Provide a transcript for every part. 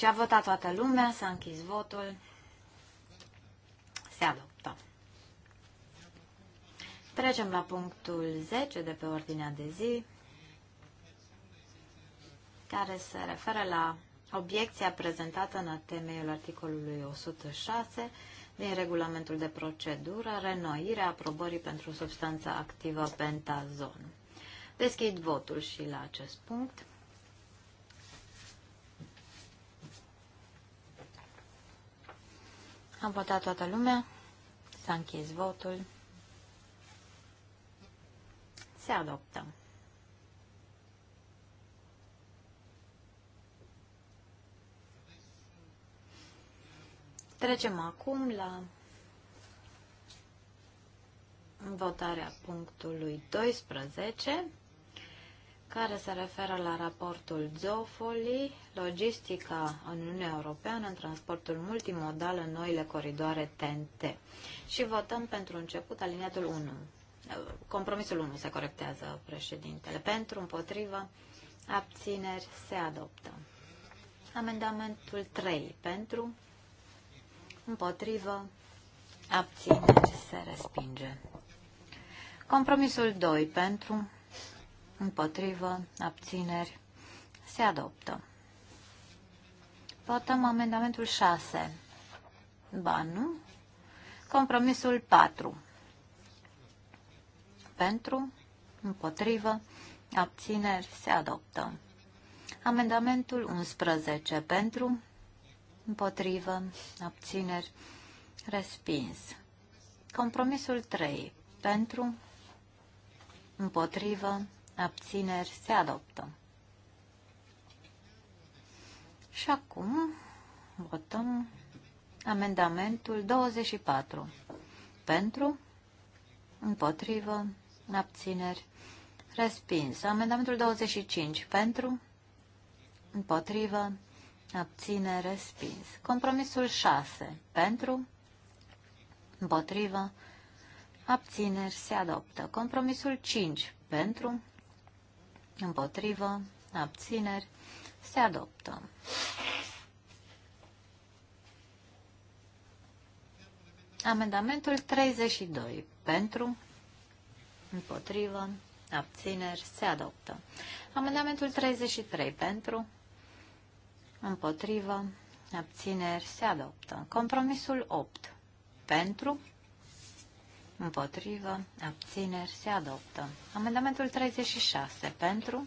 Deci a votat toată lumea, s-a închis votul, se adoptă. Trecem la punctul 10 de pe ordinea de zi, care se referă la obiecția prezentată în temeiul articolului 106 din regulamentul de procedură, renoirea aprobării pentru substanța activă pentazon. Deschid votul și la acest punct. Am votat toată lumea. S-a închis votul. Se adoptă. Trecem acum la votarea punctului 12 care se referă la raportul Zofoli, logistica în Uniunea Europeană în transportul multimodal în noile coridoare TNT. Și votăm pentru început aliniatul 1. Compromisul 1 se corectează președintele. Pentru, împotriva, abțineri, se adoptă. Amendamentul 3. Pentru, împotrivă, abțineri, se respinge. Compromisul 2. Pentru, împotrivă, abțineri, se adoptă. Votăm amendamentul 6. Ba, nu? Compromisul 4. Pentru, împotrivă, abțineri, se adoptă. Amendamentul 11. Pentru, împotrivă, abțineri, respins. Compromisul 3. Pentru, împotrivă, abțineri, se adoptă. Și acum votăm amendamentul 24. Pentru, împotrivă, abțineri, respins. Amendamentul 25. Pentru, împotrivă, abține, respins. Compromisul 6. Pentru, împotrivă, abțineri, se adoptă. Compromisul 5. Pentru, împotrivă, abțineri, se adoptă. Amendamentul 32. Pentru, împotrivă, abțineri, se adoptă. Amendamentul 33. Pentru, împotrivă, abțineri, se adoptă. Compromisul 8. Pentru, Împotrivă. Abțineri. Se adoptă. Amendamentul 36. Pentru.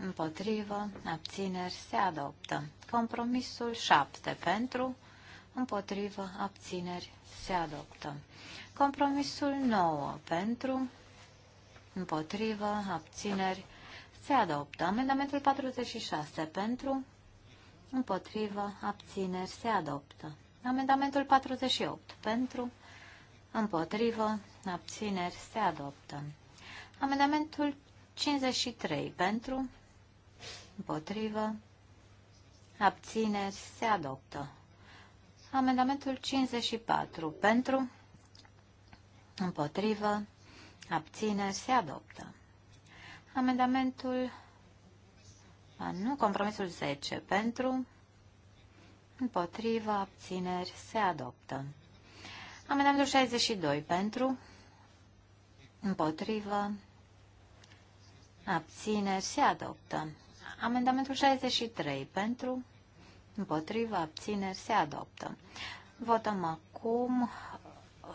Împotrivă. Abțineri. Se adoptă. Compromisul 7. Pentru. Împotrivă. Abțineri. Se adoptă. Compromisul 9. Pentru. Împotrivă. Abțineri. Se adoptă. Amendamentul 46. Pentru. Împotrivă. Abțineri. Se adoptă. Amendamentul 48. Pentru împotrivă, abțineri, se adoptă. Amendamentul 53 pentru, împotrivă, abțineri, se adoptă. Amendamentul 54 pentru, împotrivă, abțineri, se adoptă. Amendamentul, a, nu, compromisul 10 pentru, împotrivă, abțineri, se adoptă. Amendamentul 62 pentru, împotrivă, abțineri, se adoptă. Amendamentul 63 pentru, împotrivă, abțineri, se adoptă. Votăm acum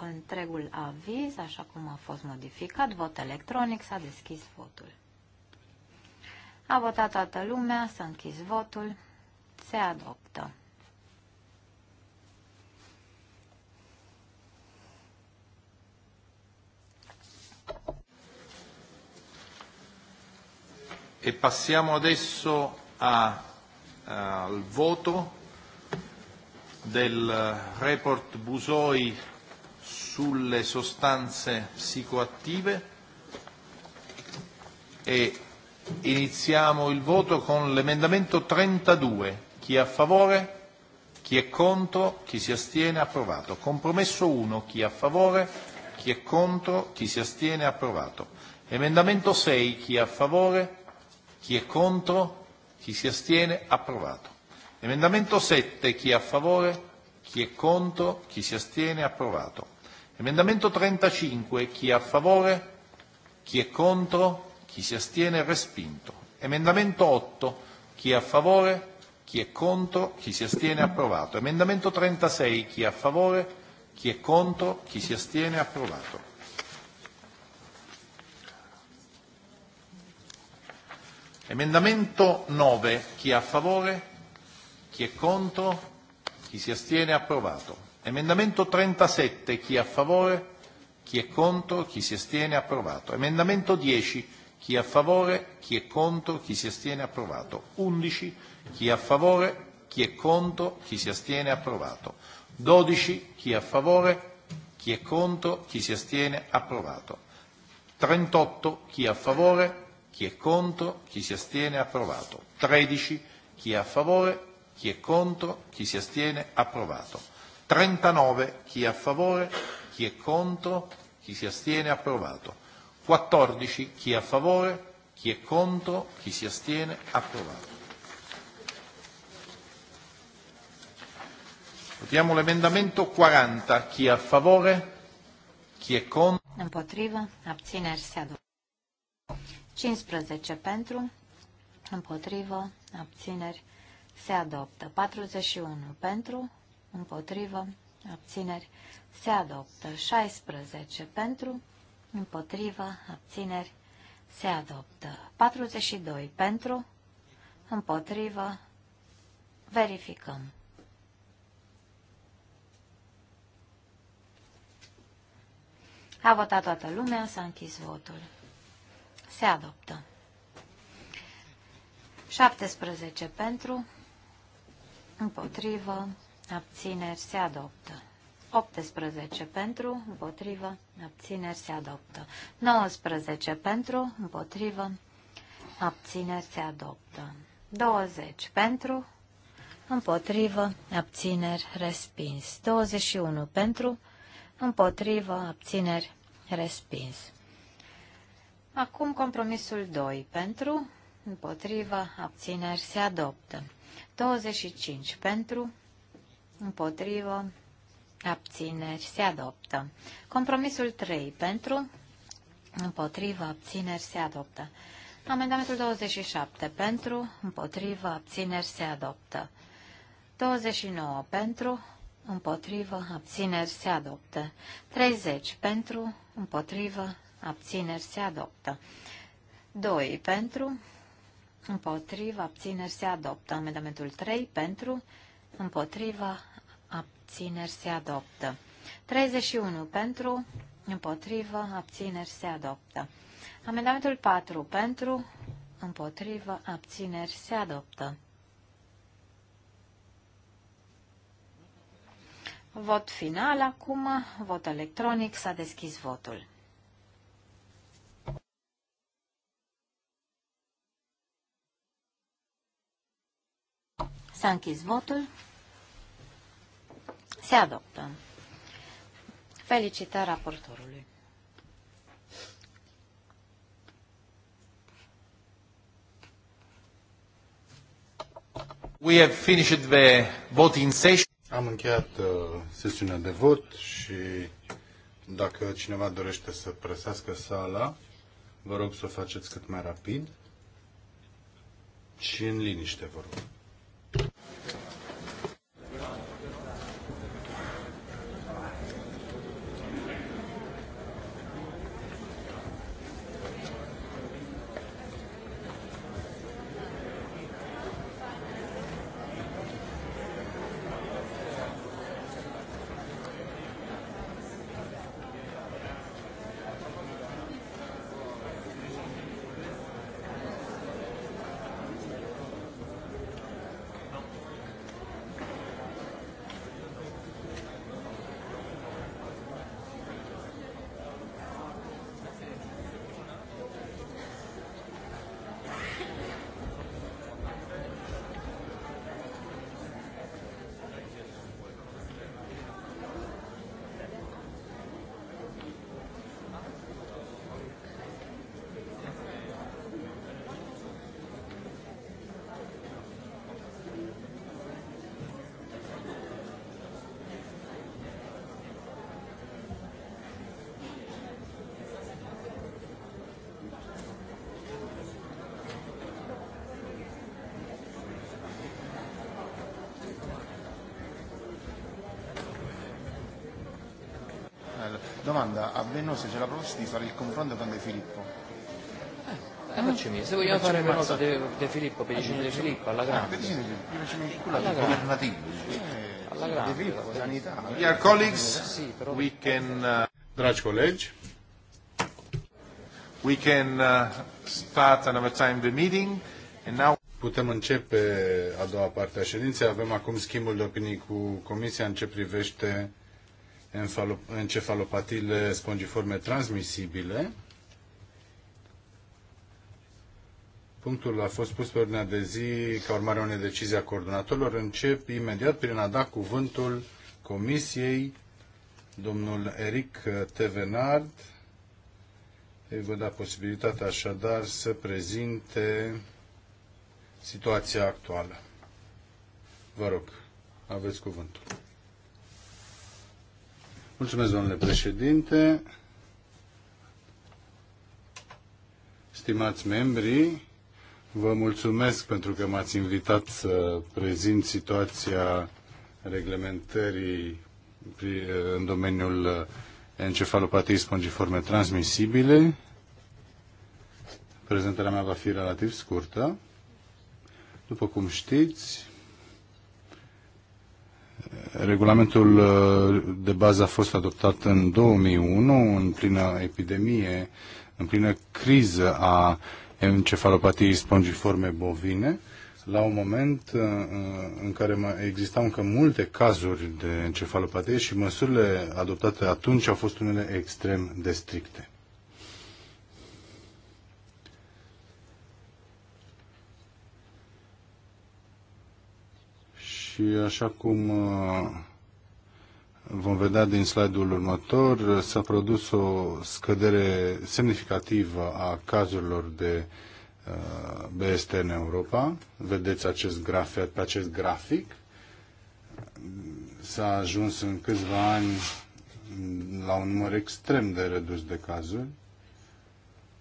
întregul aviz, așa cum a fost modificat, vot electronic, s-a deschis votul. A votat toată lumea, s-a închis votul, se adoptă. E passiamo adesso a, a, eh, al voto del report Busoi sulle sostanze psicoattive e iniziamo il voto con l'emendamento 32. Chi è a favore? Chi è contro? Chi si astiene? Approvato. Compromesso 1. Chi è a favore? Chi è contro? Chi si astiene? Approvato. Emendamento 6. Chi è a favore? Chi è contro? Chi si astiene? Approvato. Emendamento 7. Chi è a favore? Chi è contro? Chi si astiene? Approvato. Emendamento 35. Chi è a favore? Chi è contro? Chi si astiene? Respinto. Emendamento 8. Chi è a favore? Chi è contro? Chi si astiene? Approvato. Emendamento 36. Chi è a favore? Chi è contro? Chi si astiene? Approvato. Emendamento 9. Chi è a favore? Chi è contro? Chi si astiene? Approvato. Emendamento 37. Chi è a favore? Chi è contro? Chi si astiene? Approvato. Emendamento 10. Chi è a favore? Chi è contro? Chi si astiene? Approvato. 11. Chi è a favore? Chi è contro? Chi si astiene? Approvato. 12. Chi è a favore? Chi è contro? Chi si astiene? Approvato. 38. Chi è a favore? Chi è contro? Chi si astiene? Approvato. 13. Chi è a favore? Chi è contro? Chi si astiene? Approvato. 39. Chi è a favore? Chi è contro? Chi si astiene? Approvato. 14. Chi è a favore? Chi è contro? Chi si astiene? Approvato. Votiamo l'emendamento 40. Chi è a favore? Chi è contro? Împotrivă? Abțineri se adoptă. 15 pentru, împotrivă, abțineri, se adoptă. 41 pentru, împotrivă, abțineri, se adoptă. 16 pentru, împotrivă, abțineri, se adoptă. 42 pentru, împotrivă, verificăm. A votat toată lumea, s-a închis votul se adoptă. 17 pentru, împotrivă, abțineri, se adoptă. 18 pentru, împotrivă, abțineri, se adoptă. 19 pentru, împotrivă, abțineri, se adoptă. 20 pentru, împotrivă, abțineri, respins. 21 pentru, împotrivă, abțineri, respins. Acum compromisul 2. Pentru, împotriva, abțineri se adoptă. 25. Pentru, împotriva, abțineri se adoptă. Compromisul 3. Pentru, împotriva, abțineri se adoptă. Amendamentul 27. Pentru, împotriva, abțineri se adoptă. 29. Pentru, împotrivă, abțineri se adoptă. 30. Pentru, împotrivă, abțineri se adoptă. 2 pentru, împotriva, abțineri se adoptă. Amendamentul 3 pentru, împotriva, abțineri se adoptă. 31 pentru, Împotriva. abțineri se adoptă. Amendamentul 4 pentru, Împotriva. abțineri se adoptă. Vot final acum, vot electronic, s-a deschis votul. S-a închis votul. Se adoptă. Felicitări raportorului. We have finished the voting session. Am încheiat uh, sesiunea de vot și dacă cineva dorește să presească sala, vă rog să o faceți cât mai rapid și în liniște, vă rog. domanda a Benno se ce la proposta di fare il confronto con De Filippo. Eh, eh, facciamo, se vogliamo fare una cosa De, De Filippo, Pedicino ah, De Filippo, alla grande. Ah, Pedicino De eh, Filippo, alla grande. Alla grande. De Filippo, sanità. Dear colleagues, we can... Eh, dragi colleghi. we can eh, start another time the meeting and now Putem începe a doua parte a ședinței. Avem acum schimbul de opinii cu Comisia în ce privește encefalopatiile spongiforme transmisibile. Punctul a fost pus pe ordinea de zi ca urmare a unei decizii a coordonatorilor. Încep imediat prin a da cuvântul Comisiei, domnul Eric Tevenard. Îi vă da posibilitatea așadar să prezinte situația actuală. Vă rog, aveți cuvântul. Mulțumesc, domnule președinte. Stimați membri, vă mulțumesc pentru că m-ați invitat să prezint situația reglementării în domeniul encefalopatiei spongiforme transmisibile. Prezentarea mea va fi relativ scurtă. După cum știți, Regulamentul uh, de bază a fost adoptat în 2001, în plină epidemie, în plină criză a encefalopatiei spongiforme bovine, la un moment uh, în care existau încă multe cazuri de encefalopatie și măsurile adoptate atunci au fost unele extrem de stricte. Și așa cum uh, vom vedea din slide-ul următor, s-a produs o scădere semnificativă a cazurilor de uh, BST în Europa. Vedeți acest graf, pe acest grafic. S-a ajuns în câțiva ani la un număr extrem de redus de cazuri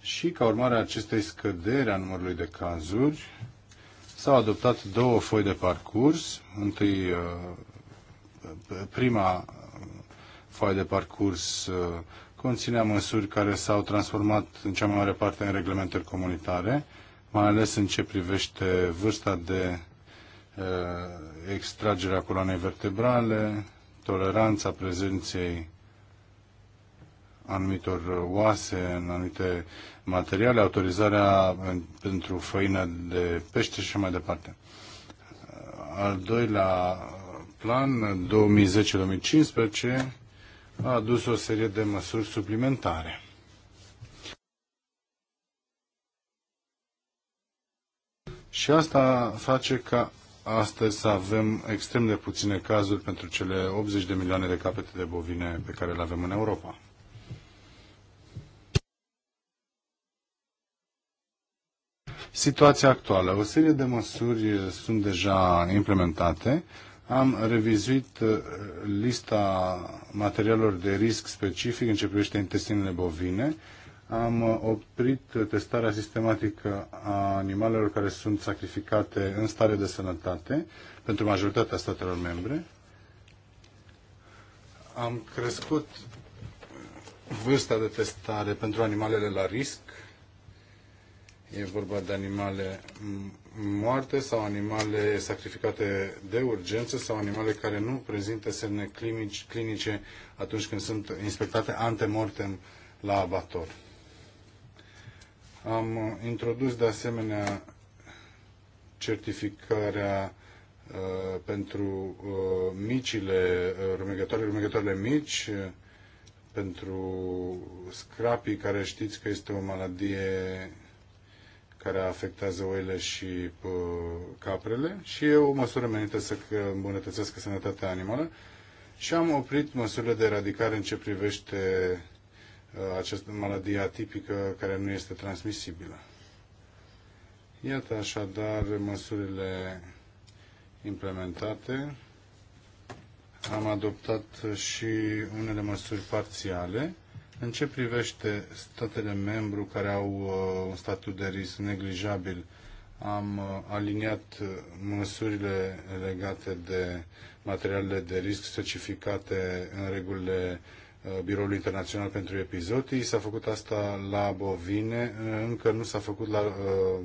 și ca urmare a acestei scăderi a numărului de cazuri, S-au adoptat două foi de parcurs. Întâi, uh, prima uh, foaie de parcurs uh, conținea măsuri care s-au transformat în cea mai mare parte în reglementări comunitare, mai ales în ce privește vârsta de extragerea coloanei vertebrale, toleranța prezenței anumitor oase în anumite materiale, autorizarea pentru făină de pește și mai departe. Al doilea plan, 2010-2015, a adus o serie de măsuri suplimentare. Și asta face ca astăzi să avem extrem de puține cazuri pentru cele 80 de milioane de capete de bovine pe care le avem în Europa. situația actuală. O serie de măsuri eh, sunt deja implementate. Am revizuit eh, lista materialelor de risc specific în ce privește intestinele bovine. Am eh, oprit testarea sistematică a animalelor care sunt sacrificate în stare de sănătate pentru majoritatea statelor membre. Am crescut vârsta de testare pentru animalele la risc E vorba de animale moarte sau animale sacrificate de urgență sau animale care nu prezintă semne clinici, clinice atunci când sunt inspectate antemortem la abator. Am introdus de asemenea certificarea uh, pentru uh, micile uh, rumegătoare, rumegătoarele mici, uh, pentru scrapii, care știți că este o maladie care afectează oile și uh, caprele și e o măsură menită să îmbunătățească sănătatea animală și am oprit măsurile de eradicare în ce privește uh, această maladie atipică care nu este transmisibilă. Iată așadar măsurile implementate. Am adoptat și unele măsuri parțiale în ce privește statele membru care au uh, un statut de risc neglijabil, am uh, aliniat uh, măsurile legate de materialele de risc specificate în regulile Biroului Internațional pentru Epizotii. S-a făcut asta la bovine, încă nu s-a făcut la uh,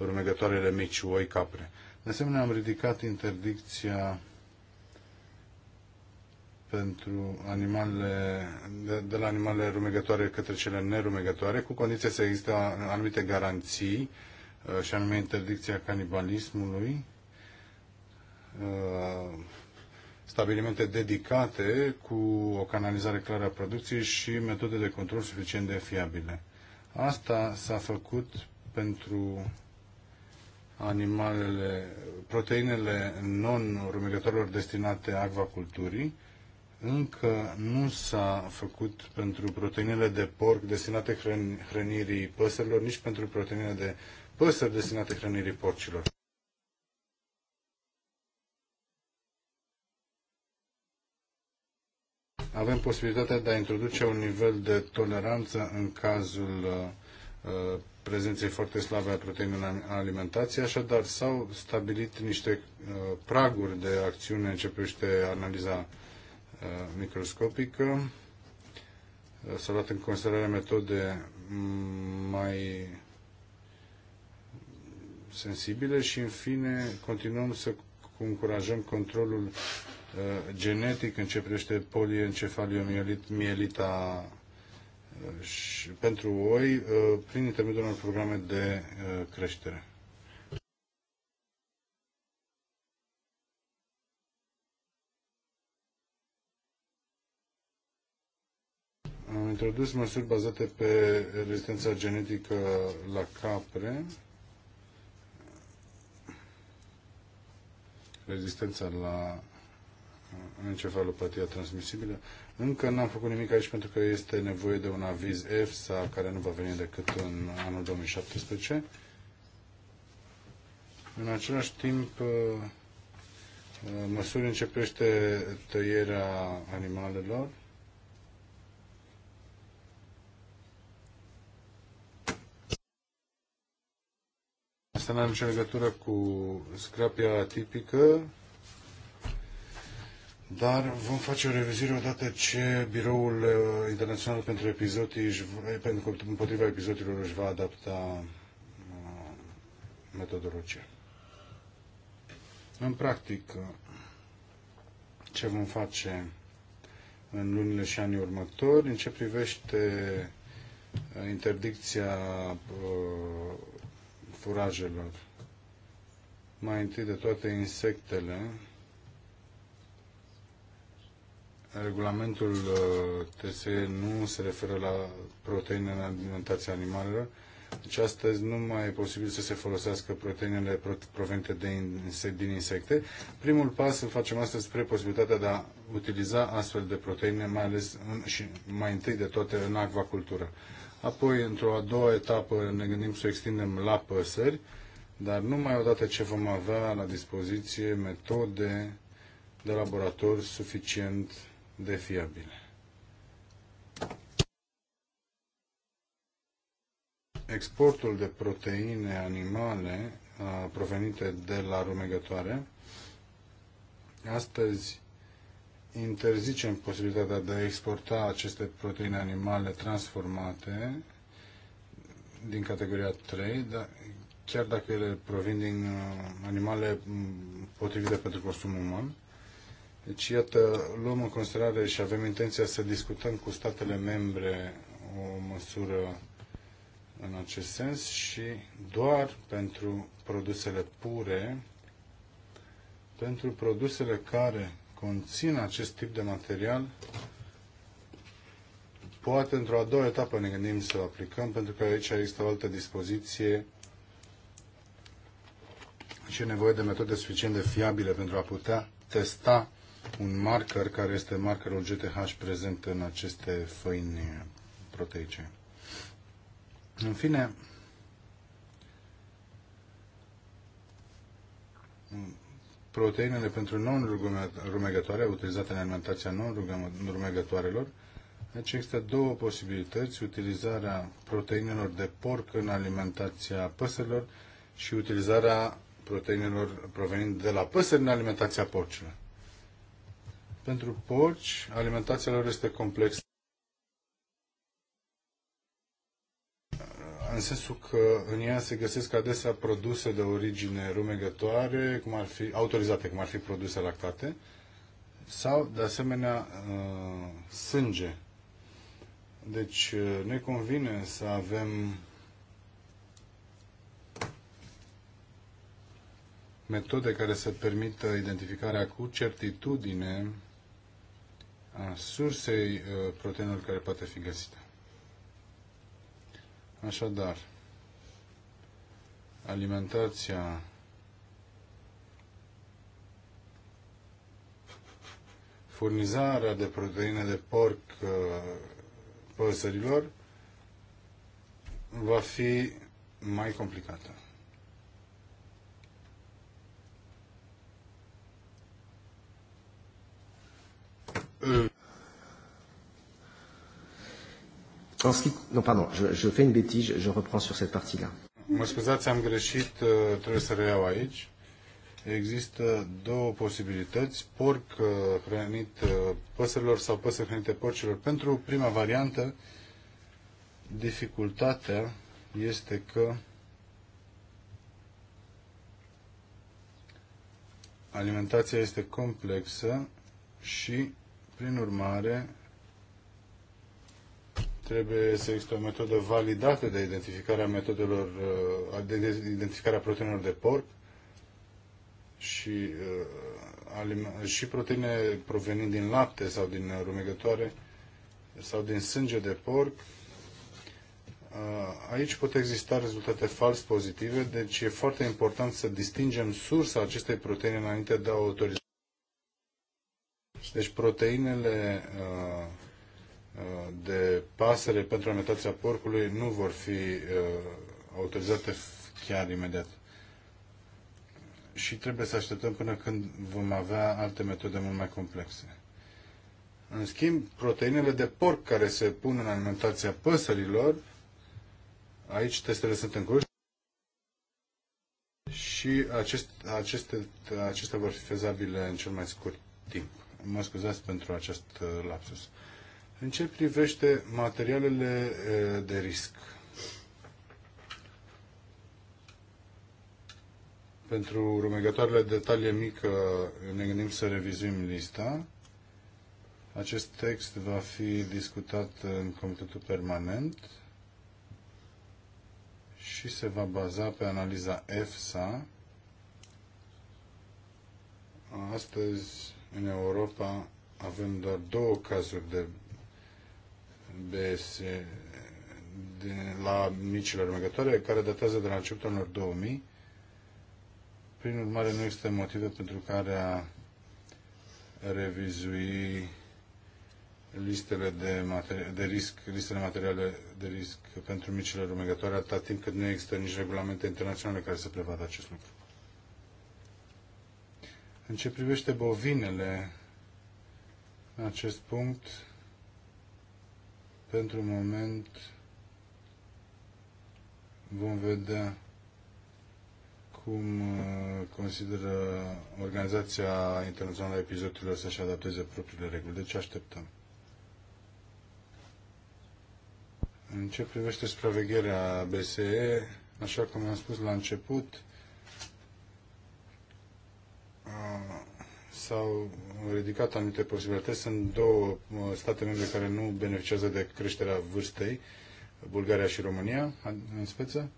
rumegătoarele mici, oi capre. De asemenea, am ridicat interdicția pentru animalele, de, de la animalele rumegătoare către cele nerumegătoare, cu condiția să există anumite garanții, uh, și anume interdicția canibalismului, uh, stabilimente dedicate cu o canalizare clară a producției și metode de control suficient de fiabile. Asta s-a făcut pentru animalele, proteinele non-rumegătorilor destinate acvaculturii încă nu s-a făcut pentru proteinele de porc destinate hrănirii păsărilor, nici pentru proteinele de păsări destinate hrănirii porcilor. Avem posibilitatea de a introduce un nivel de toleranță în cazul uh, uh prezenței foarte slabe a proteinelor în alimentație, așadar s-au stabilit niște uh, praguri de acțiune în ce privește analiza microscopică. s a luat în considerare metode mai sensibile și, în fine, continuăm să încurajăm controlul uh, genetic în ce privește poliencephaliomielita mielita uh, și pentru oi uh, prin intermediul unor programe de creștere. introdus măsuri bazate pe rezistența genetică la capre, rezistența la uh, encefalopatia transmisibilă. Încă n-am făcut nimic aici pentru că este nevoie de un aviz EFSA care nu va veni decât în anul 2017. În același timp, uh, uh, măsuri începește tăierea animalelor Asta n are nicio legătură cu scrapia atipică, dar vom face o revizire odată ce Biroul uh, Internațional pentru Epizotii, eh, pentru împotriva epizotilor își va adapta uh, metodologia. În practic, ce vom face în lunile și anii următori, în ce privește uh, interdicția furajelor. Mai întâi de toate insectele, regulamentul uh, TSE nu se referă la proteine în alimentația animalelor, deci astăzi nu mai e posibil să se folosească proteinele provenite de insect, din insecte. Primul pas îl facem astăzi spre posibilitatea de a utiliza astfel de proteine, mai ales în, și mai întâi de toate în acvacultură. Apoi, într-o a doua etapă, ne gândim să o extindem la păsări, dar numai odată ce vom avea la dispoziție metode de laborator suficient de fiabile. Exportul de proteine animale uh, provenite de la rumegătoare astăzi interzicem posibilitatea de a exporta aceste proteine animale transformate din categoria 3, dar chiar dacă ele provin din uh, animale mm, potrivite pentru consum uman. Deci, iată, luăm în considerare și avem intenția să discutăm cu statele membre o măsură în acest sens și doar pentru produsele pure, pentru produsele care conțin acest tip de material, poate într-o a doua etapă ne gândim să o aplicăm, pentru că aici există o altă dispoziție și e nevoie de metode suficient de fiabile pentru a putea testa un marker care este markerul GTH prezent în aceste făini proteice. În fine, proteinele pentru non-rumegătoare, utilizate în alimentația non-rumegătoarelor. Deci există două posibilități, utilizarea proteinelor de porc în alimentația păsărilor și utilizarea proteinelor provenind de la păsări în alimentația porcilor. Pentru porci, alimentația lor este complexă. în sensul că în ea se găsesc adesea produse de origine rumegătoare, cum ar fi, autorizate, cum ar fi produse lactate, sau, de asemenea, uh, sânge. Deci, uh, ne convine să avem metode care să permită identificarea cu certitudine a sursei uh, proteinelor care poate fi găsită. Așadar, alimentația furnizarea de proteine de porc uh, păsărilor va fi mai complicată. En ce qui... Non, pardon, je, je fais une bêtise, je, je reprends sur cette partie-là. Mă scuzați, am greșit, uh, trebuie să reiau aici. Există două posibilități, porc uh, hrănit uh, păsărilor sau păsări hrănite porcilor. Pentru prima variantă, dificultatea este că alimentația este complexă și, prin urmare, trebuie să existe o metodă validată de identificare a metodelor, uh, de identificarea proteinelor de porc și, uh, și proteine provenind din lapte sau din rumegătoare sau din sânge de porc. Uh, aici pot exista rezultate fals pozitive, deci e foarte important să distingem sursa acestei proteine înainte de a autoriza. Deci proteinele de pasăre pentru alimentația porcului nu vor fi uh, autorizate chiar imediat. Și trebuie să așteptăm până când vom avea alte metode mult mai complexe. În schimb, proteinele de porc care se pun în alimentația păsărilor, aici testele sunt în curs și acest, aceste, acestea vor fi fezabile în cel mai scurt timp. Mă scuzați pentru acest uh, lapsus. În ce privește materialele de risc? Pentru următoarele detalii mică ne gândim să revizuim lista. Acest text va fi discutat în Comitetul Permanent și se va baza pe analiza EFSA. Astăzi, în Europa, avem doar două cazuri de BSE de la micile rumegătoare, care datează de la începutul anilor 2000. Prin urmare, nu există motive pentru care a revizui listele de, de risc, listele materiale de risc pentru micile rumegătoare, atâta timp cât nu există nici regulamente internaționale care să prevadă acest lucru. În ce privește bovinele, în acest punct, pentru moment vom vedea cum uh, consideră Organizația Internațională a Epizodurilor să-și adapteze propriile reguli. ce deci așteptăm. În ce privește supravegherea BSE, așa cum am spus la început, uh, s-au ridicat anumite posibilități. Sunt două uh, state membre care nu beneficiază de creșterea vârstei, Bulgaria și România, în speță.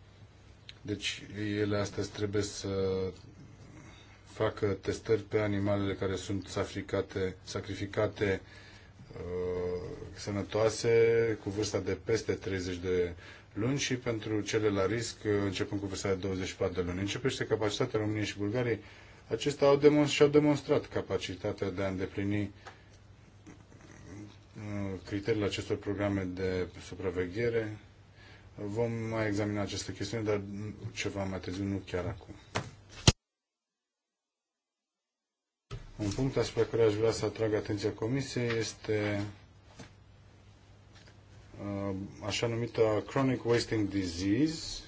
Deci ele astăzi trebuie să facă testări pe animalele care sunt sacrificate, sacrificate uh, sănătoase cu vârsta de peste 30 de luni și pentru cele la risc, uh, începând cu vârsta de 24 de luni. Începește capacitatea României și Bulgariei acestea au demonst- și-au demonstrat capacitatea de a îndeplini uh, criteriile acestor programe de supraveghere. Vom mai examina aceste chestiuni, dar ceva mai târziu, nu chiar acum. Un punct asupra care aș vrea să atrag atenția Comisiei este uh, așa numită chronic wasting disease,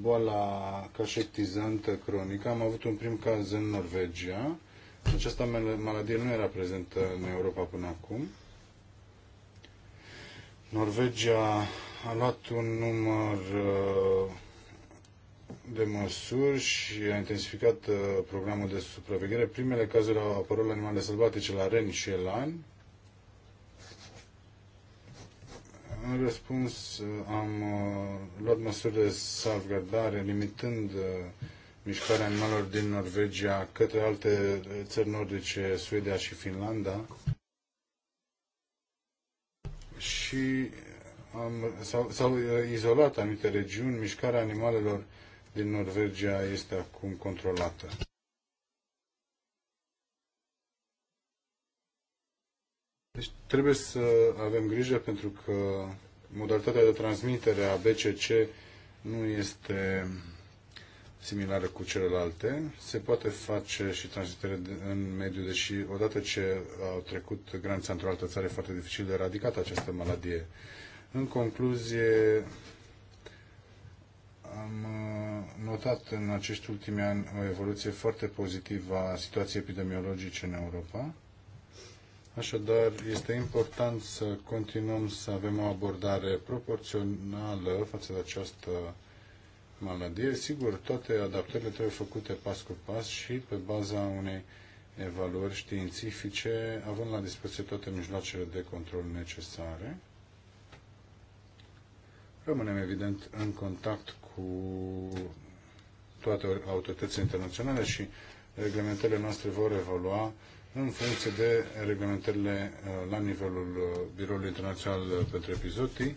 boala cașectizantă cronică. Am avut un prim caz în Norvegia. Această maladie nu era prezentă în Europa până acum. Norvegia a luat un număr uh, de măsuri și a intensificat uh, programul de supraveghere. Primele cazuri au apărut la animale sălbatice la Ren și Elan În răspuns uh, am uh, luat măsuri de salvgardare, limitând uh, mișcarea animalelor din Norvegia către alte țări nordice, Suedia și Finlanda. Și s-au izolat anumite regiuni, mișcarea animalelor din Norvegia este acum controlată. Deci trebuie să avem grijă pentru că modalitatea de transmitere a BCC nu este similară cu celelalte. Se poate face și transmitere în mediu, deși odată ce au trecut granița într-o altă țară e foarte dificil de eradicat această maladie. În concluzie, am uh, notat în acești ultimi ani o evoluție foarte pozitivă a situației epidemiologice în Europa Așadar, este important să continuăm să avem o abordare proporțională față de această maladie. Sigur, toate adaptările trebuie făcute pas cu pas și pe baza unei evaluări științifice, având la dispoziție toate mijloacele de control necesare. Rămânem, evident, în contact cu toate autoritățile internaționale și reglementările noastre vor evolua în funcție de reglementările uh, la nivelul uh, Biroului Internațional uh, pentru Epizotii.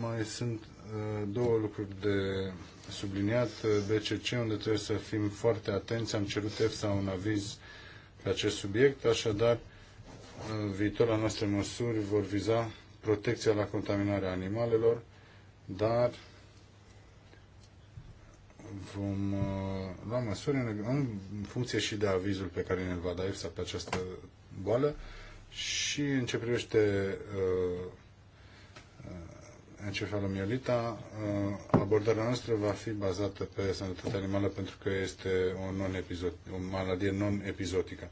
Mai sunt două lucruri de subliniat. BCC, unde trebuie să fim foarte atenți, am cerut EFSA un aviz pe acest subiect, așadar viitoarea noastre măsuri vor viza protecția la contaminarea animalelor, dar vom lua uh, da, măsuri în, în funcție și de avizul pe care ne-l va da EFSA pe această boală și în ce privește uh, uh encefalomiolita, uh, abordarea noastră va fi bazată pe sănătatea animală pentru că este o, non o maladie non-epizotică.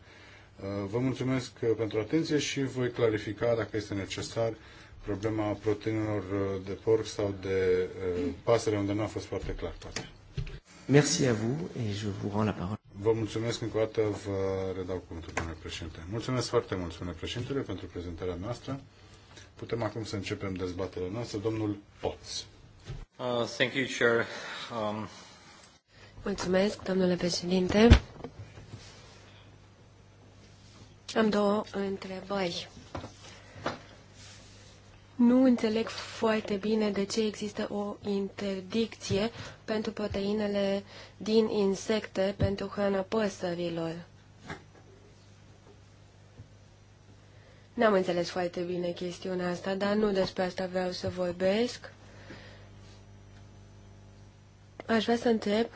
Uh, vă mulțumesc pentru atenție și voi clarifica dacă este necesar problema proteinelor uh, de porc sau de uh, pasăre unde nu a fost foarte clar toate. Merci à vous et je vous rends la parole. Vă mulțumesc încă o dată, vă redau cuvântul, domnule președinte. Mulțumesc foarte mult, domnule președinte, pentru prezentarea noastră. Putem acum să începem dezbaterea noastră. Domnul Poț. Uh, thank you, Chair. Um... Mulțumesc, domnule președinte. Am două întrebări. Nu înțeleg foarte bine de ce există o interdicție pentru proteinele din insecte pentru hrana păsărilor. N-am înțeles foarte bine chestiunea asta, dar nu despre asta vreau să vorbesc. Aș vrea să întreb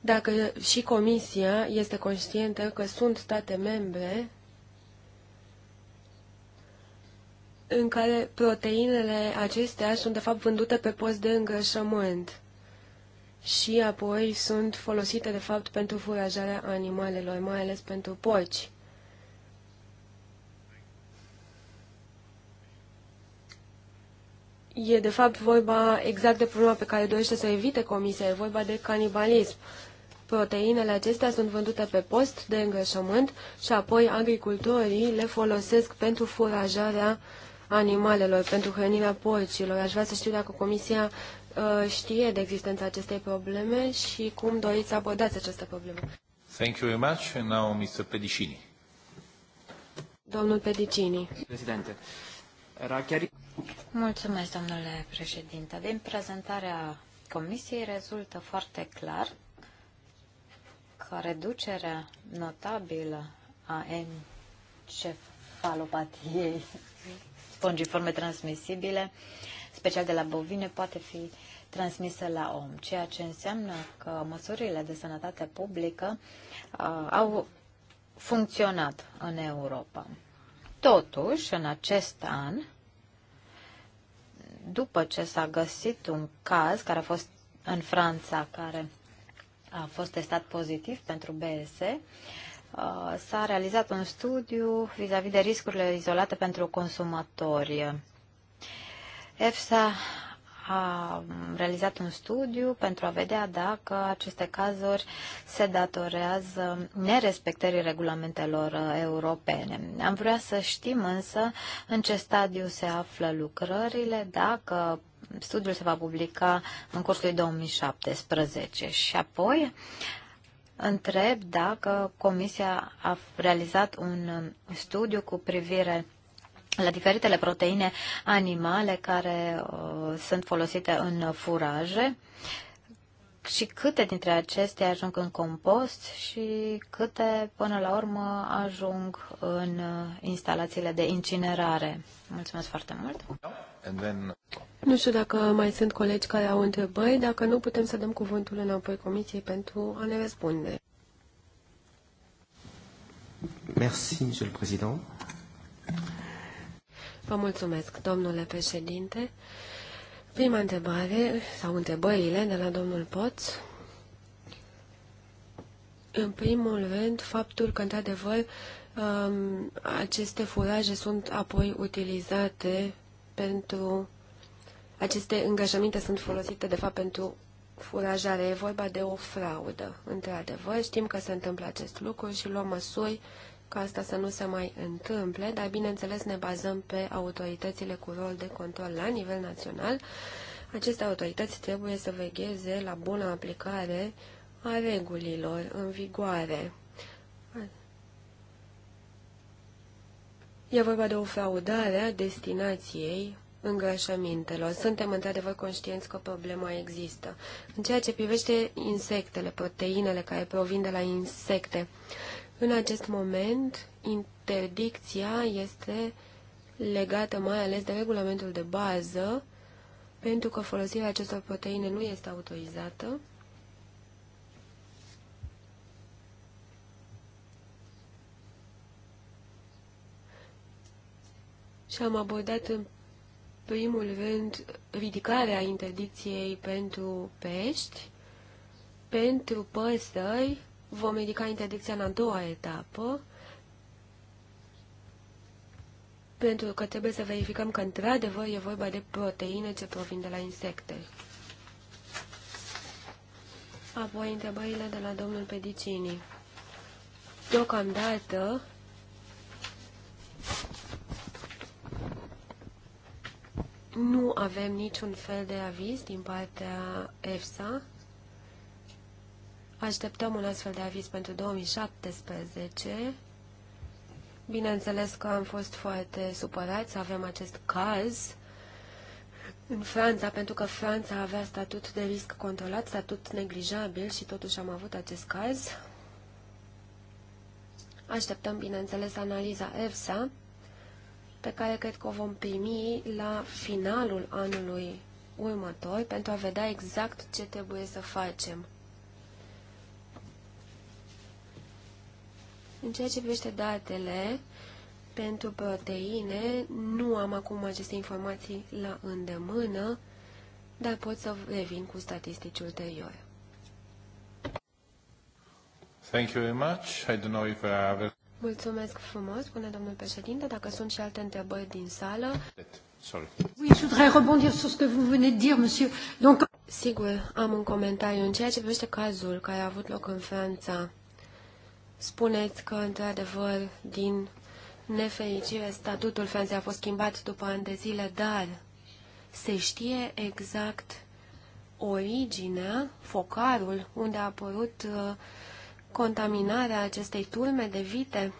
dacă și Comisia este conștientă că sunt state membre în care proteinele acestea sunt de fapt vândute pe post de îngrășământ și apoi sunt folosite de fapt pentru furajarea animalelor, mai ales pentru porci. E de fapt vorba exact de problema pe care dorește să evite comisia, e vorba de canibalism. Proteinele acestea sunt vândute pe post de îngrășământ și apoi agricultorii le folosesc pentru furajarea animalelor, pentru hrănirea porcilor. Aș vrea să știu dacă Comisia uh, știe de existența acestei probleme și cum doriți să abordați această problemă. Thank you very much. And now Mr. Pedicini. Domnul Pedicini. Președinte. Era chiar... Mulțumesc, domnule președinte. Din prezentarea Comisiei rezultă foarte clar că reducerea notabilă a encefalopatiei spongiforme transmisibile, special de la bovine, poate fi transmisă la om, ceea ce înseamnă că măsurile de sănătate publică uh, au funcționat în Europa. Totuși, în acest an, după ce s-a găsit un caz care a fost în Franța, care a fost testat pozitiv pentru BSE, Uh, s-a realizat un studiu vis-a-vis -vis de riscurile izolate pentru consumatori. EFSA a realizat un studiu pentru a vedea dacă aceste cazuri se datorează nerespectării regulamentelor europene. Am vrea să știm însă în ce stadiu se află lucrările, dacă studiul se va publica în cursul 2017 și apoi întreb dacă Comisia a realizat un um, studiu cu privire la diferitele proteine animale care uh, sunt folosite în furaje. Uh, și câte dintre acestea ajung în compost și câte până la urmă ajung în uh, instalațiile de incinerare. Mulțumesc foarte mult! Nu știu dacă mai sunt colegi care au întrebări, dacă nu putem să dăm cuvântul înapoi comisiei pentru a ne răspunde. Merci, Monsieur le Président. Vă mulțumesc, domnule președinte. Prima întrebare, sau întrebările de la domnul Poț. În primul rând, faptul că, într-adevăr, um, aceste furaje sunt apoi utilizate pentru... Aceste îngajamente sunt folosite, de fapt, pentru furajare. E vorba de o fraudă, într-adevăr. Știm că se întâmplă acest lucru și luăm măsuri ca asta să nu se mai întâmple, dar bineînțeles ne bazăm pe autoritățile cu rol de control la nivel național. Aceste autorități trebuie să vegheze la bună aplicare a regulilor în vigoare. E vorba de o fraudare a destinației îngrășămintelor. Suntem într-adevăr conștienți că problema există. În ceea ce privește insectele, proteinele care provin de la insecte, în acest moment, interdicția este legată mai ales de regulamentul de bază, pentru că folosirea acestor proteine nu este autorizată. Și am abordat în primul rând ridicarea interdicției pentru pești, pentru păsări, vom indica interdicția în a doua etapă, pentru că trebuie să verificăm că, într-adevăr, e vorba de proteine ce provin de la insecte. Apoi, întrebările de la domnul Pedicini. Deocamdată, nu avem niciun fel de aviz din partea EFSA Așteptăm un astfel de aviz pentru 2017. Bineînțeles că am fost foarte supărați să avem acest caz în Franța, pentru că Franța avea statut de risc controlat, statut neglijabil și totuși am avut acest caz. Așteptăm, bineînțeles, analiza EFSA, pe care cred că o vom primi la finalul anului următor pentru a vedea exact ce trebuie să facem. În ceea ce privește datele pentru proteine, nu am acum aceste informații la îndemână, dar pot să revin cu statistici ulterior. Thank you very much. I don't know if I uh, have... Mulțumesc frumos, spune domnul președinte. Dacă sunt și alte întrebări din sală... Sorry. ce Sigur, am un comentariu în ceea ce privește cazul care a avut loc în Franța spuneți că, într-adevăr, din nefericire, statutul Franței a fost schimbat după ani de zile, dar se știe exact originea, focarul, unde a apărut uh, contaminarea acestei turme de vite?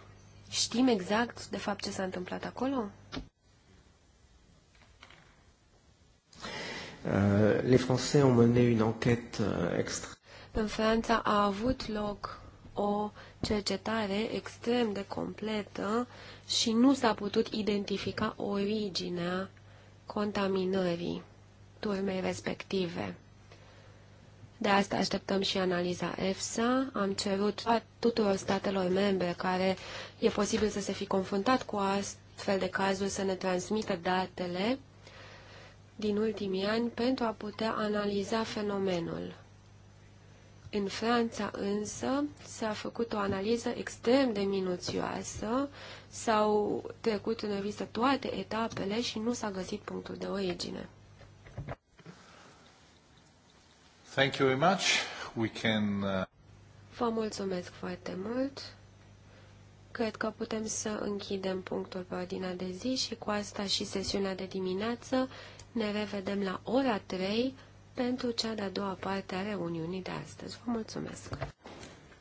Știm exact, de fapt, ce s-a întâmplat acolo? Uh, les Français ont mené une enquête uh, extra. În Franța a avut loc o cercetare extrem de completă și nu s-a putut identifica originea contaminării turmei respective. De asta așteptăm și analiza EFSA. Am cerut tuturor statelor membre care e posibil să se fi confruntat cu astfel de cazuri să ne transmită datele din ultimii ani pentru a putea analiza fenomenul. În Franța însă s-a făcut o analiză extrem de minuțioasă, s-au trecut în revistă toate etapele și nu s-a găsit punctul de origine. Thank you very much. We can... Uh, Vă mulțumesc foarte mult. Cred că putem să închidem punctul pe ordinea de zi și cu asta și sesiunea de dimineață. Ne revedem la ora 3 pentru cea de-a doua parte a reuniunii de astăzi. Vă mulțumesc!